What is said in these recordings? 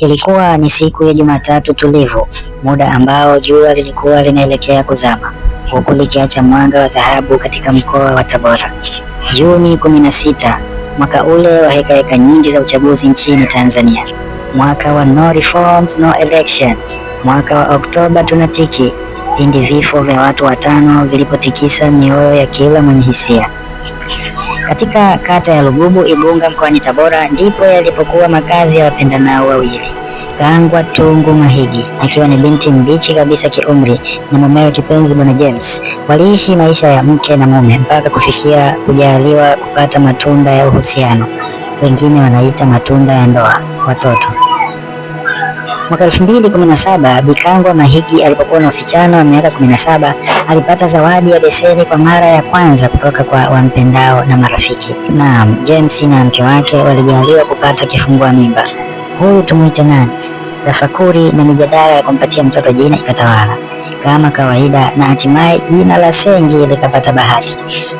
Ilikuwa ni siku ya Jumatatu tulivu, muda ambao jua lilikuwa linaelekea kuzama huku likiacha mwanga wa dhahabu katika mkoa wa Tabora. Juni 16 mwaka ule wa hekaheka nyingi za uchaguzi nchini Tanzania, mwaka wa no reforms, no election, mwaka wa Oktoba tunatiki, pindi vifo vya watu watano vilipotikisa mioyo ya kila mwenye hisia katika kata ya Lugubu Igunga mkoani Tabora ndipo yalipokuwa makazi ya wapendanao wawili Gangwa Tungu Mahigi akiwa ni binti mbichi kabisa kiumri na mumewe kipenzi Bwana James. Waliishi maisha ya mke na mume mpaka kufikia kujaliwa kupata matunda ya uhusiano, wengine wanaita matunda ya ndoa, watoto. Mwaka 2017 Bikangwa Mahigi alipokuwa na usichana wa miaka 17 alipata zawadi ya beseni kwa mara ya kwanza kutoka kwa wampendao na marafiki. Naam, James na mke wake walijaliwa kupata kifungua mimba. Huyu tumuite nani? Tafakuri na mijadala ya kumpatia mtoto jina ikatawala kama kawaida, na hatimaye jina la Sengi likapata bahati.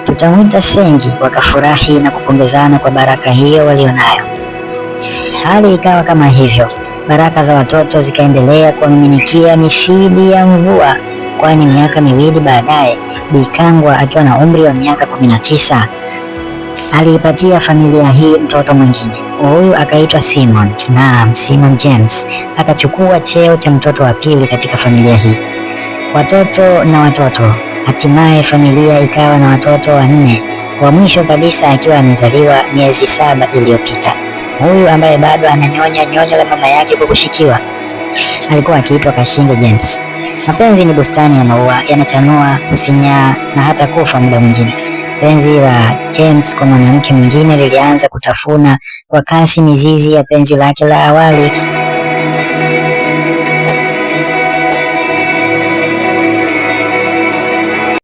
Tutamwita Sengi. Wakafurahi na kupongezana kwa baraka hiyo walionayo. Hali ikawa kama hivyo. Baraka za watoto zikaendelea kuwamiminikia mifidi ya mvua, kwani miaka miwili baadaye, Bikangwa akiwa na umri wa miaka 19 aliipatia familia hii mtoto mwingine. Huyu akaitwa Simon, naam, Simon James akachukua cheo cha mtoto wa pili katika familia hii. Watoto na watoto, hatimaye familia ikawa na watoto wanne, wa mwisho kabisa akiwa amezaliwa miezi saba iliyopita. Huyu ambaye bado ananyonya nyonyo la mama yake kwa kushikiwa alikuwa akiitwa Kashinge James. Mapenzi ni bustani ya maua, yanachanua, kusinyaa na hata kufa muda mwingine. Penzi la James kwa mwanamke mwingine lilianza kutafuna kwa kasi mizizi ya penzi lake la awali.